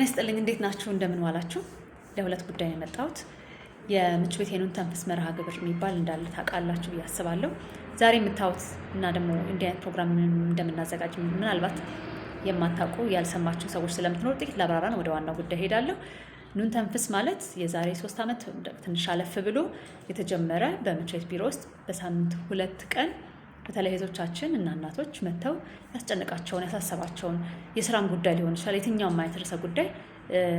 ነስጠልኝ እንዴት ናችሁ? እንደምን ዋላችሁ? ለሁለት ጉዳይ የመጣሁት የምች ሄኑን ተንፍስ መርሃ ግብር የሚባል እንዳለ ታውቃላችሁ ብዬ አስባለሁ። ዛሬ የምታዩት እና ደግሞ እንዲህ አይነት ፕሮግራም እንደምናዘጋጅ ምናልባት የማታውቁ ያልሰማችሁ ሰዎች ስለምትኖር ጥቂት ላብራራን ወደ ዋናው ጉዳይ ሄዳለሁ። ኑን ተንፍስ ማለት የዛሬ ሶስት ዓመት ትንሽ አለፍ ብሎ የተጀመረ በምች ቤት ቢሮ ውስጥ በሳምንት ሁለት ቀን በተለይ እህቶቻችን እና እናቶች መጥተው ያስጨነቃቸውን ያሳሰባቸውን የስራም ጉዳይ ሊሆን ይችላል፣ የትኛውም ማየት ርዕሰ ጉዳይ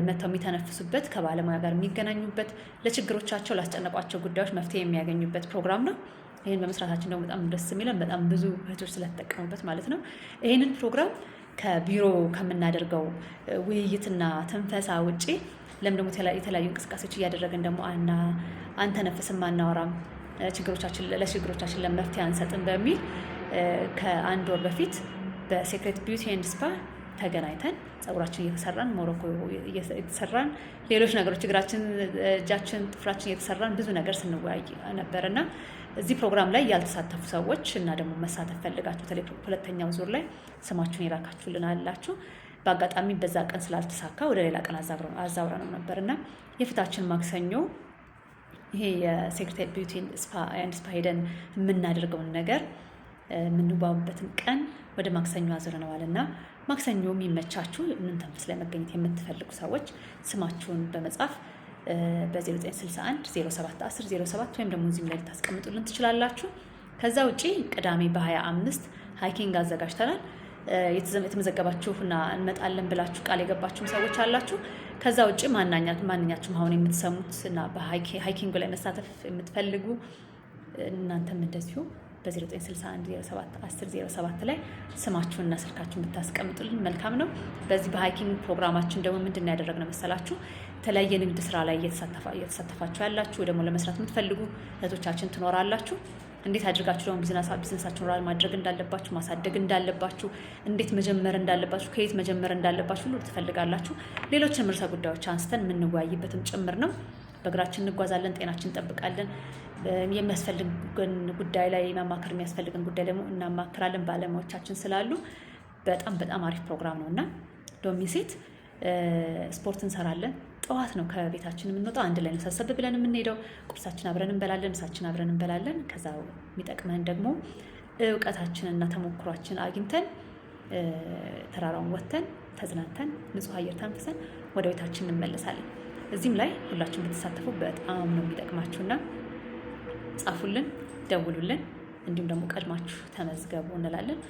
መጥተው የሚተነፍሱበት ከባለሙያ ጋር የሚገናኙበት ለችግሮቻቸው ላስጨነቋቸው ጉዳዮች መፍትሄ የሚያገኙበት ፕሮግራም ነው። ይህን በመስራታችን ደግሞ በጣም ደስ የሚለን በጣም ብዙ እህቶች ስለተጠቀሙበት ማለት ነው። ይህንን ፕሮግራም ከቢሮ ከምናደርገው ውይይትና ትንፈሳ ውጪ ለምን ደግሞ የተለያዩ እንቅስቃሴዎች እያደረግን ደግሞ አንተነፍስም አናወራም ችግሮቻችን ለችግሮቻችን ለመፍትሄ አንሰጥም በሚል ከአንድ ወር በፊት በሴክሬት ቢዩቲ ኤንድ ስፓ ተገናኝተን ጸጉራችን እየተሰራን ሞሮኮ እየተሰራን ሌሎች ነገሮች እግራችን፣ እጃችን፣ ጥፍራችን እየተሰራን ብዙ ነገር ስንወያይ ነበር እና እዚህ ፕሮግራም ላይ ያልተሳተፉ ሰዎች እና ደግሞ መሳተፍ ፈልጋችሁ በተለይ ሁለተኛው ዙር ላይ ስማችሁን የላካችሁልን አላችሁ። በአጋጣሚ በዛ ቀን ስላልተሳካ ወደ ሌላ ቀን አዛውረ ነው ነበር እና የፊታችን ማክሰኞ ይሄ የሴክሬታሪ ቢዩቲ ኤንድ ስፓ ሄደን የምናደርገውን ነገር የምንዋቡበትን ቀን ወደ ማክሰኞ አዙረነዋል እና ማክሰኞ የሚመቻችሁ ምን ተንፍስ ላይ መገኘት የምትፈልጉ ሰዎች ስማችሁን በመጻፍ በ0961 0710 07 ወይም ደግሞ እዚህም ላይ ልታስቀምጡልን ትችላላችሁ። ከዛ ውጪ ቅዳሜ በ25 ሀይኪንግ አዘጋጅተናል። የተመዘገባችሁና እንመጣለን ብላችሁ ቃል የገባችሁም ሰዎች አላችሁ። ከዛ ውጭ ማንኛችሁም አሁን የምትሰሙት እና በሃይኪንግ ላይ መሳተፍ የምትፈልጉ እናንተም እንደዚሁ በ0961071007 ላይ ስማችሁንና ስልካችሁን ብታስቀምጡልን መልካም ነው። በዚህ በሃይኪንግ ፕሮግራማችን ደግሞ ምንድን ነው ያደረግነው መሰላችሁ? የተለያየ ንግድ ስራ ላይ እየተሳተፋችሁ ያላችሁ ደግሞ ለመስራት የምትፈልጉ እህቶቻችን ትኖራላችሁ እንዴት አድርጋችሁ ደግሞ ቢዝነሳችሁን ራን ማድረግ እንዳለባችሁ ማሳደግ እንዳለባችሁ እንዴት መጀመር እንዳለባችሁ ከየት መጀመር እንዳለባችሁ ሁሉ ትፈልጋላችሁ። ሌሎችንም ርዕሰ ጉዳዮች አንስተን የምንወያይበትም ጭምር ነው። በእግራችን እንጓዛለን፣ ጤናችን እንጠብቃለን። የሚያስፈልግን ጉዳይ ላይ መማከር የሚያስፈልግን ጉዳይ ደግሞ እናማክራለን። ባለሙያዎቻችን ስላሉ በጣም በጣም አሪፍ ፕሮግራም ነው እና ዶሚሴት ስፖርት እንሰራለን ጠዋት ነው ከቤታችን የምንወጣው። አንድ ላይ ነው ሰብሰብ ብለን የምንሄደው። ቁርሳችን አብረን እንበላለን፣ ምሳችን አብረን እንበላለን። ከዛ የሚጠቅመን ደግሞ እና ተሞክሯችን አግኝተን ተራራውን ወጥተን ተዝናንተን ንጹህ አየር ተንፍሰን ወደ ቤታችን እንመለሳለን። እዚህም ላይ ሁላችሁም ብትሳተፉ በጣም ነው የሚጠቅማችሁና ጻፉልን፣ ደውሉልን፣ እንዲሁም ደግሞ ቀድማችሁ ተመዝገቡ እንላለን።